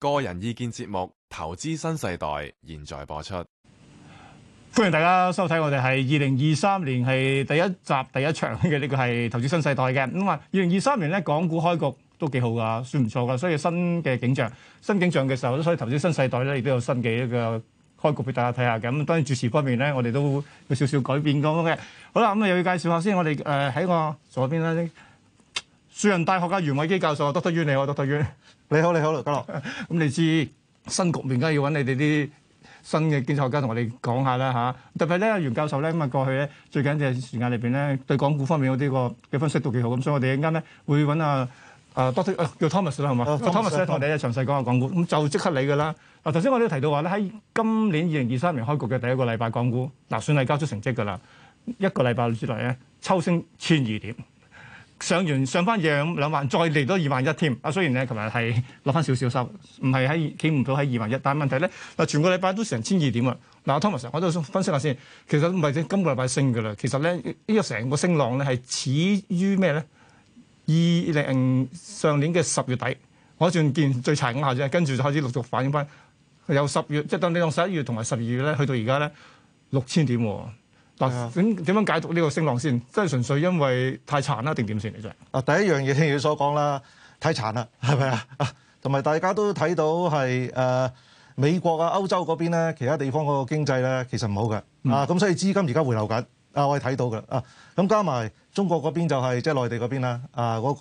個人意見節目《投資新世代》現在播出，歡迎大家收睇。我哋係二零二三年係第一集第一場嘅，呢個係《投資新世代》嘅。咁話二零二三年咧，港股開局都幾好噶，算唔錯噶，所以新嘅景象，新景象嘅時候，所以《投資新世代》咧亦都有新嘅一個開局俾大家睇下。咁當然主持方面咧，我哋都有少少改變咁樣嘅。好啦，咁啊又要介紹一下先，我哋誒喺我左邊咧。樹仁大學嘅袁偉基教授，多得於你，我多得於你好，你好，劉家樂。咁你知新局面，梗係要揾你哋啲新嘅經濟學家同我哋講下啦嚇。特別咧，阿袁教授咧，咁啊過去咧，最緊要時間裏邊咧，對港股方面嗰啲個嘅分析都幾好。咁所以我哋一陣間咧會揾阿阿 Dr. 叫 Thomas 啦，係嘛？Thomas 同我哋啊詳細講下港股。咁就即刻你嘅啦。嗱，頭先我哋都提到話咧，喺今年二零二三年開局嘅第一個禮拜，港股嗱算係交出成績㗎啦。一個禮拜之內咧，抽升千二點。上完上翻兩兩萬，再嚟到二萬一添。阿雖然咧，琴日係攞翻少少收，唔係喺企唔到喺二萬一。但係問題咧，嗱，全個禮拜都成千二點啊！嗱 Thomas 我都想分析一下先。其實唔係今個禮拜升嘅啦，其實咧呢、呢個成個升浪咧係始於咩咧？二零上年嘅十月底，我仲見最殘嘅下啫，跟住就開始陸續反映翻。由十月即係當你講十一月同埋十二月咧，去到而家咧六千點。嗱，點點樣解讀呢個升浪先？即係純粹因為太殘啦，定點先嚟啫？啊，第一樣嘢聽你所講啦，太殘啦，係咪啊？啊，同埋大家都睇到係誒、呃、美國啊、歐洲嗰邊咧，其他地方嗰個經濟咧其實唔好嘅、嗯、啊，咁所以資金而家回流緊，啊我係睇到㗎啊，咁加埋中國嗰邊就係即係內地嗰邊啦，啊嗰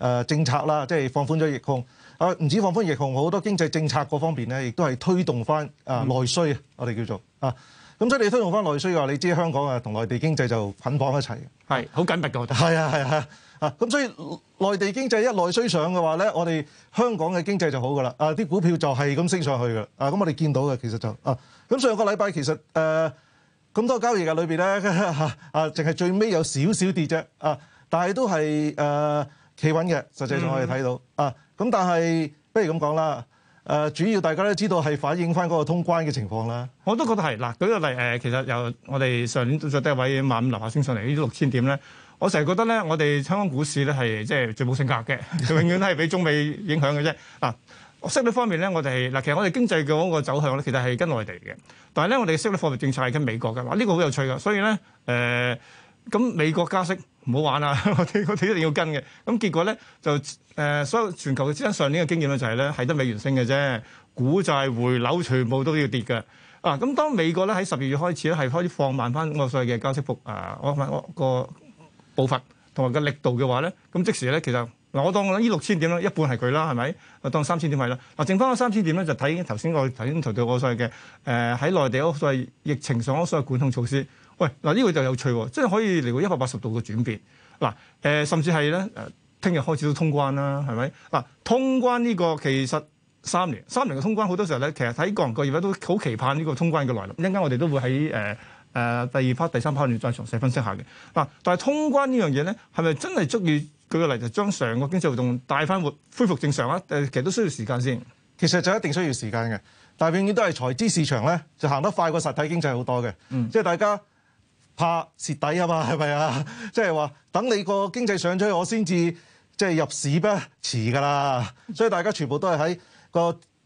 個誒政策啦，即係放寬咗疫控。啊！唔止放寬，疫控，好多經濟政策嗰方面咧，亦都係推動翻啊內需、嗯、啊，我哋叫做啊。咁所以你推動翻內需嘅話，你知香港啊同內地經濟就捆綁一齊係係好緊密嘅，我覺得。係啊係啊啊！咁、啊、所以內地經濟一內需上嘅話咧，我哋香港嘅經濟就好㗎啦。啊啲股票就係咁升上去㗎。啊咁，我哋見到嘅其實就啊咁上個禮拜其實誒咁、啊、多交易嘅裏邊咧啊，淨、啊、係、啊、最尾有少少跌啫啊，但係都係誒。啊企穩嘅，實際上可以睇到、嗯、啊！咁但係不如咁講啦，誒、啊、主要大家都知道係反映翻嗰個通關嘅情況啦。我都覺得係嗱，舉個例誒、呃，其實由我哋上年最低位萬五留下升上嚟呢啲六千點咧，我成日覺得咧，我哋香港股市咧係即係最冇性格嘅， 永遠都係俾中美影響嘅啫嗱。息率方面咧，我哋係嗱，其實我哋經濟嘅嗰個走向咧，其實係跟內地嘅，但係咧我哋嘅息率貨幣政策係跟美國嘅，嗱、這、呢個好有趣㗎，所以咧誒咁美國加息。唔好玩啦，我哋我哋一定要跟嘅，咁結果咧就誒、呃、所有全球嘅資產上年嘅經驗咧就係咧係得美元升嘅啫，股債回樓全部都要跌嘅。啊，咁當美國咧喺十二月開始咧係開始放慢翻個所謂嘅加息幅啊、呃，我諗個步伐同埋個力度嘅話咧，咁即時咧其實嗱，我當我呢六千點啦一半係佢啦，係咪？我當三千點係啦，嗱，剩翻三千點咧就睇頭先我頭先提到我所謂嘅誒喺內地我所謂疫情上我所謂管控措施。喂嗱，呢、這個就有趣喎，即係可以嚟到一百八十度嘅轉變。嗱、呃，誒甚至係咧，誒聽日開始都通關啦，係咪？嗱，通關呢個其實三年三年嘅通關，好多時候咧，其實睇各人各業都好期盼呢個通關嘅來臨。一陣間我哋都會喺誒誒第二 part 第三 part 裡再詳細分析下嘅。嗱，但係通關這呢樣嘢咧，係咪真係足以舉個例就將成個經濟活動帶翻活恢復正常啊？誒，其實都需要時間先。其實就一定需要時間嘅，但係永遠都係財資市場咧就行得快過實體經濟好多嘅、嗯。即係大家。怕蝕底啊嘛，係咪啊？即係話等你個經濟上咗去，我先至即係入市咩，遲㗎啦。所以大家全部都係喺個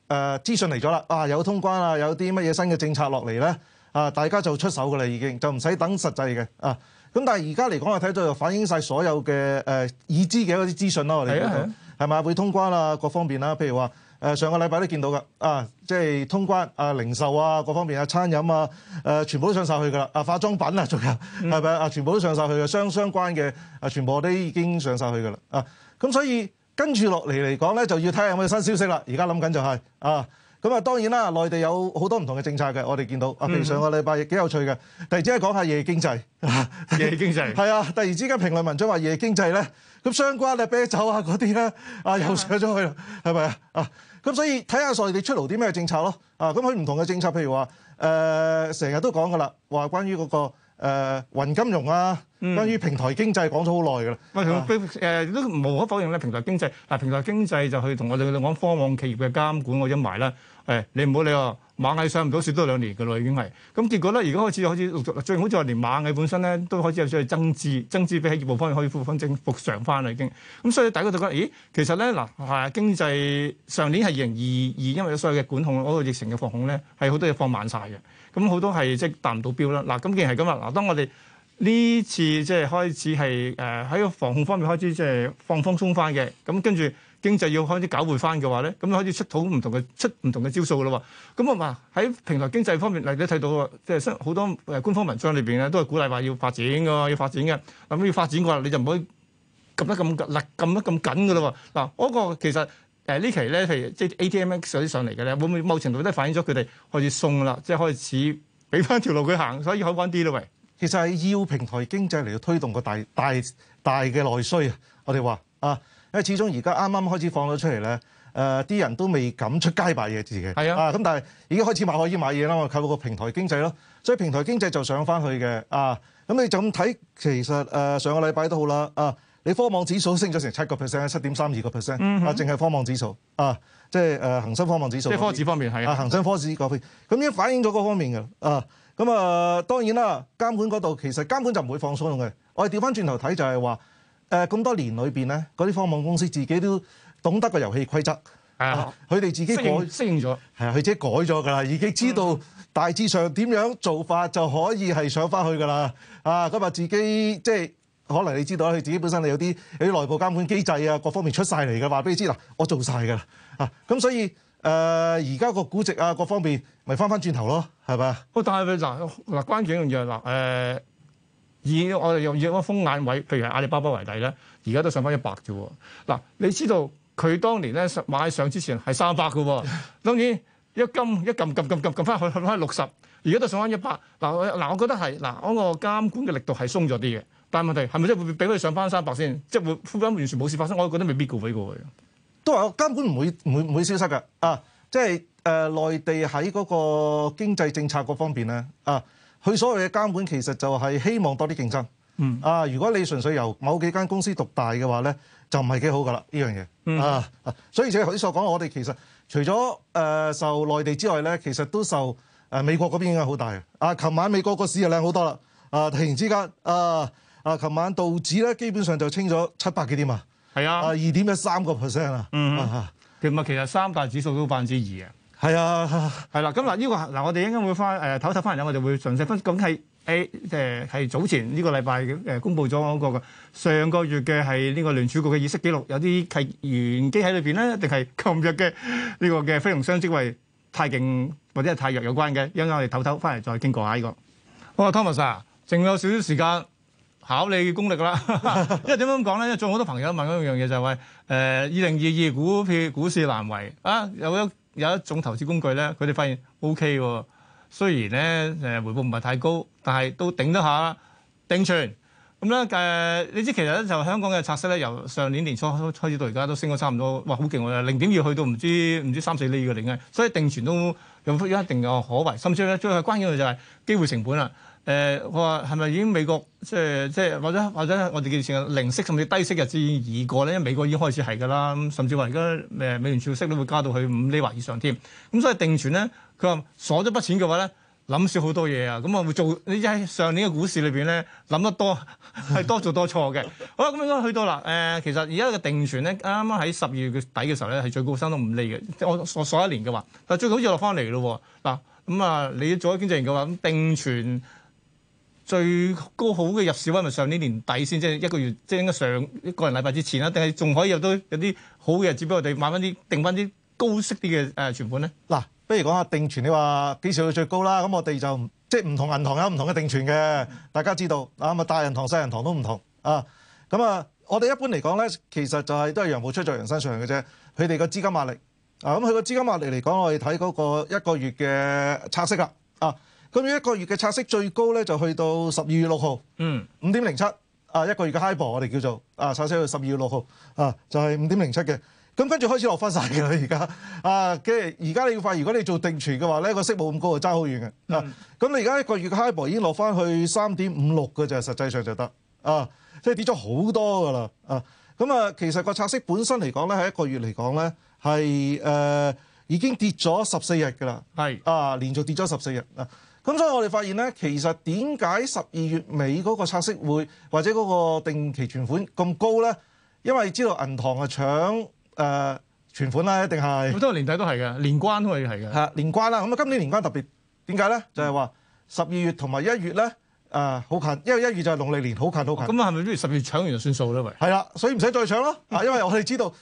誒資訊嚟咗啦。啊，有通關啊，有啲乜嘢新嘅政策落嚟咧。啊，大家就出手㗎啦，已經就唔使等實際嘅啊。咁但係而家嚟講，我睇到就反映晒所有嘅誒已知嘅嗰啲資訊咯。我哋、啊。係咪？會通關啦、啊，各方面啦、啊，譬如話、呃、上個禮拜都見到㗎啊，即、就、係、係、通關啊，零售啊，各方面啊，餐飲啊，啊，全部都上晒去㗎啦，啊，化妝品啊，仲有係咪啊，全部都上晒去嘅相相關嘅啊，全部都已經上晒去㗎啦，啊，咁所以跟住落嚟嚟講咧，就要睇下有冇新消息啦。而家諗緊就係、係、啊。咁啊，當然啦，內地有好多唔同嘅政策嘅，我哋見到啊，譬如上個禮拜亦幾有趣嘅，突然之間講下夜經濟，夜經濟係 啊，突然之間評論文章話夜經濟咧，咁相關嘅啤酒啊嗰啲咧，啊又上咗去啦，係咪啊？啊，咁所以睇下內地出爐啲咩政策咯，啊，咁佢唔同嘅政策，譬如話誒，成、呃、日都講噶啦，話關於嗰、那個誒、呃、雲金融啊，關於平台經濟講咗好耐㗎啦。唔係、嗯呃、都無可否認咧，平台經濟嗱，平台經濟就去同我哋講科網企業嘅監管我一埋啦。誒、哎，你唔好理哦，螞蟻上唔到市都兩年嘅咯，已經係咁結果咧，而家開始開始陸續，最好似係連螞蟻本身咧都開始有啲嘅增資，增資俾喺業務方面可以部分正復上翻啦，已經咁，所以大家就覺得，咦，其實咧嗱、啊，經濟上年係二零二二，因為所有嘅管控嗰個疫情嘅防控咧，係好多嘢放慢晒嘅，咁好多係即係達唔到標啦。嗱、就是，咁、啊、既然係咁啦，嗱，當我哋呢次即係開始係誒喺防控方面開始即係放放鬆翻嘅，咁跟住。經濟要開始搞活翻嘅話咧，咁可以出土唔同嘅出唔同嘅招數咯喎。咁我話喺平台經濟方面，嗱你都睇到即係好多誒官方文章裏邊咧，都係鼓勵話要發展嘅，要發展嘅。咁要發展嘅話，你就唔可以撳得咁勒撳得咁緊嘅咯喎。嗱，嗰個其實誒、呃、呢期咧，譬如即係 ATM 上上嚟嘅咧，會唔會某程度都反映咗佢哋開始鬆啦，即係開始俾翻條路佢行，所以可以開翻啲咯喂。其實要平台經濟嚟到推動個大大大嘅內需說啊，我哋話啊。因為始終而家啱啱開始放咗出嚟咧，誒、呃、啲人都未敢出街買嘢嘅，係啊，咁、啊、但係已經開始買可以買嘢啦，我靠個平台經濟咯，所以平台經濟就上翻去嘅，啊，咁你就咁睇，其實誒、呃、上個禮拜都好啦，啊，你科網指數升咗成七個 percent，七點三二個 percent，啊，淨係科網指數，啊，即係誒、呃、恒生科網指數，即科指方面係啊，恒生科指嗰邊，咁已經反映咗嗰方面嘅，啊，咁、嗯、啊當然啦，監管嗰度其實監管就唔會放鬆嘅，我哋調翻轉頭睇就係話。誒咁多年裏邊咧，嗰啲科網公司自己都懂得個遊戲規則，係啊，佢哋自己改適應咗，係啊，佢自己改咗㗎啦，已經知道大致上點樣做法就可以係上翻去㗎啦。啊，咁啊，自己即係可能你知道佢自己本身係有啲有啲內部監管機制啊，各方面出晒嚟嘅話俾你知嗱，我做晒㗎啦啊，咁所以誒而家個估值啊各方面咪翻翻轉頭咯，係咪啊？好，但佢嗱嗱，關鍵一樣啊，嗱、呃、誒。以我哋用一個封眼位，譬如係阿里巴巴為例咧，而家都上翻一百啫喎。嗱、啊，你知道佢當年咧上買上之前係三百㗎喎，當然一金一撳撳撳撳撳翻去翻去六十，而家都上翻一百。嗱、啊、嗱、啊，我覺得係嗱，嗰、啊、個監管嘅力度係鬆咗啲嘅，但係問題係咪即係會俾佢上翻三百先？即、就、係、是、會，會，會完全冇事發生，我覺得未必過畀過佢。都話監管唔會唔會唔會消失嘅啊！即係誒，內地喺嗰個經濟政策嗰方面咧啊！佢所謂嘅監管其實就係希望多啲競爭，嗯。啊，如果你純粹由某幾間公司獨大嘅話咧，就唔係幾好噶啦呢樣嘢。啊，所以正如佢所講，我哋其實除咗誒、呃、受內地之外咧，其實都受誒美國嗰邊影響好大嘅。啊，琴晚美國個市又靚好多啦。啊，突然之間，啊啊，琴晚道指咧基本上就清咗七百幾點是啊。係啊，二點一三個 percent 啦。嗯嗯、啊、其實三大指數都百分之二啊。係啊，係啦、啊，咁嗱呢個嗱、啊、我哋應該會翻誒唞唞翻嚟，我哋會詳細分析。咁係 A 誒係早前呢、這個禮拜誒、呃、公布咗嗰、那個上個月嘅係呢個聯儲局嘅議息記錄，有啲契原機喺裏邊咧，定係琴日嘅呢個嘅非龍商職位太勁或者係太弱有關嘅？一陣我哋唞唞翻嚟再經過下呢、這個。我話 Thomas 啊，淨有少少時間考你功力啦， 因為點樣講咧？因為仲好多朋友問我一樣嘢、就是，就係誒二零二二股票股市難為啊，有咗。有一種投資工具咧，佢哋發現 O K 喎，雖然咧誒回報唔係太高，但係都頂得下定存。咁咧誒，你知其實咧就香港嘅拆息咧，由上年年初開始到而家都升咗差唔多，哇好勁喎，零點二去到唔知唔知三四厘嘅點解，所以定存都。有有一定嘅可為，甚至咧最關鍵嘅就係機會成本啦。誒、呃，我話係咪已經美國即係即係或者或者我哋叫成零息甚至低息日子已過咧？因為美國已經開始係㗎啦，甚至話而家誒美元儲息都會加到去五厘或以上添。咁所以定存咧，佢話鎖咗筆錢嘅話咧。諗少好多嘢啊！咁啊會做你喺上年嘅股市裏面咧，諗得多係多做多錯嘅。 好啦，咁應該去到啦、呃。其實而家嘅定存咧，啱啱喺十二月嘅底嘅時候咧，係最高升到五釐嘅。我我數一年嘅話，但最好就落翻嚟咯。嗱、啊，咁啊，你做咗經濟人嘅話，定存最高好嘅入市位咪上年年底先，即係一個月，即係應該上一個人禮拜之前啦，定係仲可以入到有啲好嘅，日子俾我哋買翻啲定翻啲高息啲嘅誒存款咧。嗱、啊。不如講下定存，你話幾時去最高啦？咁我哋就即係唔同銀行有唔同嘅定存嘅，大家知道。嗱咁啊，大銀行、細銀行都唔同啊。咁啊，我哋一般嚟講咧，其實就係、是、都係羊毛出在羊身上嘅啫。佢哋個資金壓力啊，咁佢個資金壓力嚟講，我哋睇嗰個一個月嘅拆息啦啊。咁一個月嘅拆息最高咧，就去到十二月六號，嗯，五點零七啊，一個月嘅 HIBOR 我哋叫做啊，拆息去十二月六號啊，就係五點零七嘅。咁跟住開始落翻晒嘅啦。而家啊，而家你要發，如果你做定存嘅話咧，個息冇咁高就爭好遠嘅。咁你而家一個月嘅 high 博已經落翻去三點五六嘅，就實際上就得啊，即係跌咗好多㗎啦啊。咁啊，其實個拆息本身嚟講咧，喺一個月嚟講咧，係、呃、已經跌咗十四日㗎啦，係啊，連續跌咗十四日啊。咁、啊、所以我哋發現咧，其實點解十二月尾嗰個拆息會或者嗰個定期存款咁高咧？因為知道銀行啊搶。誒、呃、存款啦，一定係好多年底都係嘅，年關都係係嘅。係啊，年關啦。咁啊，今年年關特別點解咧？就係話十二月同埋一月咧，誒、呃、好近，因為一月就係農曆年，好近好近。咁啊，係咪不如十二月搶完就算數啦？咪係啦，所以唔使再搶咯。啊，因為我哋知道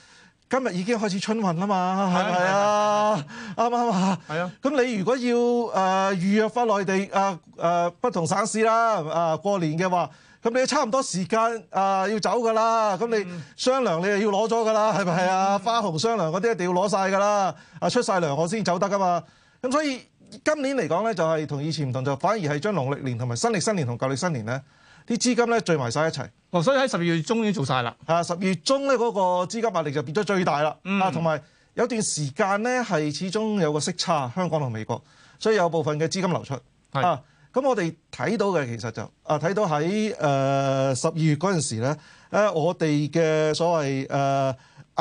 今日已經開始春運啦嘛，係咪？啊？啱啱啊？係啊。咁你如果要誒、呃、預約返內地誒誒、呃呃、不同省市啦誒、呃、過年嘅話，咁你差唔多時間啊要走噶啦，咁你雙糧你就了了，你又要攞咗噶啦，係咪啊？花紅雙糧嗰啲一定要攞晒噶啦，啊出晒糧我先走得噶嘛。咁所以今年嚟講咧，就係、是、同以前唔同，就反而係將農曆年同埋新曆新年同舊歷新年咧啲資金咧聚埋晒一齊。哦，所以喺十二月中已經做晒啦。嚇、啊，十二月中咧嗰、那個資金壓力就變咗最大啦。嗯。啊，同埋有，有段時間咧係始終有個息差，香港同美國，所以有部分嘅資金流出。啊咁、嗯、我哋睇到嘅其實就啊睇到喺誒十二月嗰陣時咧，誒我哋嘅所謂誒、呃、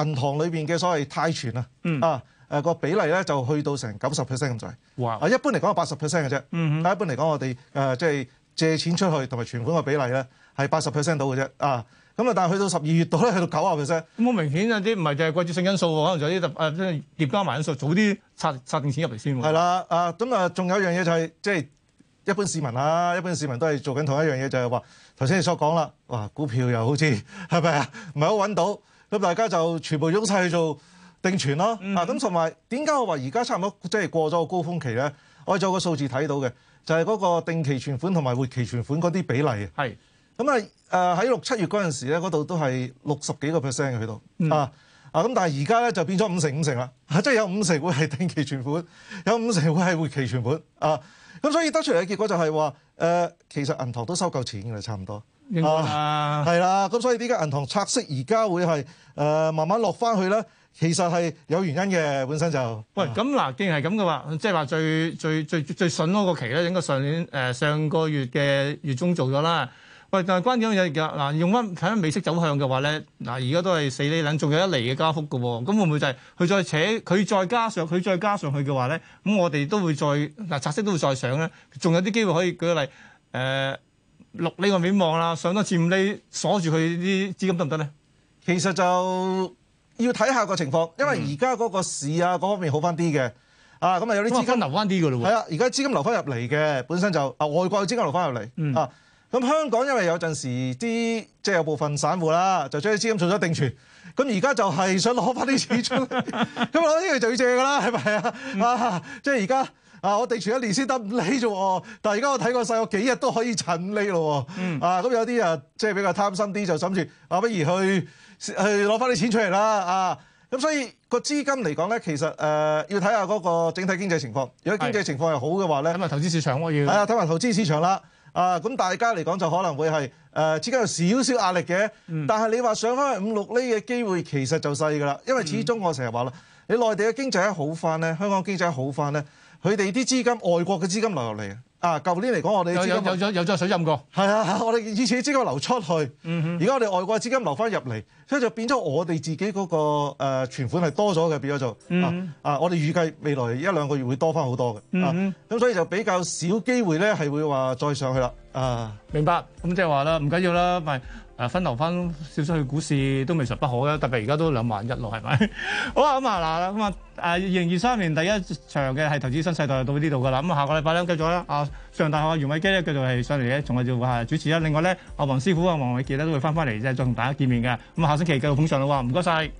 銀行裏邊嘅所謂貸存、嗯、啊，啊誒個比例咧就去到成九十 percent 咁滯。哇！啊、wow、一般嚟講係八十 percent 嘅啫。但一般嚟講我哋誒即係借錢出去同埋存款嘅比例咧係八十 percent 到嘅啫。啊咁啊，但係去到十二月度咧去到九啊 percent。咁好明顯有啲唔係淨係季節性因素，可能就啲特誒即係疊加埋因素，早啲拆拆定錢入嚟先喎。係啦，啊咁啊，仲、嗯、有一樣嘢就係、是、即係。一般市民啊，一般市民都係做緊同一樣嘢，就係話頭先你所講啦，哇股票又好似係咪啊，唔係好搵到，咁大家就全部湧晒去做定存咯。Mm -hmm. 啊，咁同埋點解我話而家差唔多即係、就是、過咗個高峰期咧？我做個數字睇到嘅就係、是、嗰個定期存款同埋活期存款嗰啲比例。係咁啊，喺六七月嗰陣時咧，嗰度都係六十幾個 percent 嘅去到、mm -hmm. 啊。咁、啊、但係而家咧就變咗五成五成啦，即、啊、係、就是、有五成會係定期存款，有五成會係活期存款。啊！咁所以得出嚟嘅結果就係、是、話，誒、呃，其實銀行都收夠錢嘅，差唔多。應該係、啊、啦、啊。咁所以點解銀行拆息而家會係誒、呃、慢慢落翻去咧？其實係有原因嘅，本身就。啊、喂，咁嗱，既然係咁嘅話，即係話最最最最筍嗰個期咧，應該上年、呃、上個月嘅月中做咗啦。但係關鍵樣嘢㗎，嗱用翻睇下美息走向嘅話咧，嗱而家都係四厘兩，仲有一厘嘅加幅嘅喎，咁會唔會就係佢再扯佢再加上佢再加上去嘅話咧，咁我哋都會再嗱拆息都會再上咧，仲有啲機會可以舉例誒六釐外面望啦，上多次五釐鎖住佢啲資金得唔得咧？其實就要睇下個情況，因為而家嗰個市啊嗰、嗯、方面好翻啲嘅，啊咁啊有啲資金留翻啲㗎咯喎，係啊，而家資金留翻入嚟嘅，本身就啊外國有資金留翻入嚟啊。咁香港因為有陣時啲即係有部分散戶啦，就將啲資金做咗定存，咁而家就係想攞翻啲錢出嚟，咁攞呢個就要借㗎啦，係咪啊？啊，即係而家啊，我定存一年先得五厘啫喎，但係而家我睇過晒，我幾日都可以趁呢喇咯喎。嗯。啊，咁有啲啊，即係、嗯啊就是、比較貪心啲，就諗住啊，不如去去攞翻啲錢出嚟啦。啊，咁所以個資金嚟講咧，其實誒、呃、要睇下嗰個整體經濟情況。如果經濟情況係好嘅話咧，咁啊投資市場我要。係啊，睇埋投資市場啦。啊，咁大家嚟講就可能會係誒、呃，之間有少少壓力嘅、嗯。但係你話上翻去五六釐嘅機會，其實就細㗎啦。因為始終我成日話啦，你內地嘅經濟一好返呢，香港經濟一好返呢，佢哋啲資金、外國嘅資金流入嚟啊！舊年嚟講，我哋資金有有有咗有咗水浸過。係啊！我哋以前資金流出去，而、嗯、家我哋外國資金流翻入嚟，所以就變咗我哋自己嗰、那個、呃、存款係多咗嘅，變咗就啊啊！我哋預計未來一兩個月會多翻好多嘅、嗯、啊，咁所以就比較少機會咧係會話再上去啦啊！明白，咁即係話啦，唔緊要啦咪。誒、啊、分流翻少少去股市都未嘗不可嘅，特別而家都兩萬一咯，係咪？好啊咁啊嗱咁啊誒，二零二三年第一場嘅係投資新世代到呢度㗎啦。咁、嗯、啊，下個禮拜咧繼續啦、啊、上大學嘅袁偉基咧繼續係上嚟嘅，仲係做係主持啦。另外咧，阿黃師傅啊、黃偉傑咧都會翻返嚟即係再同大家見面嘅。咁、嗯、啊，下星期繼續捧場啦喎，唔該晒。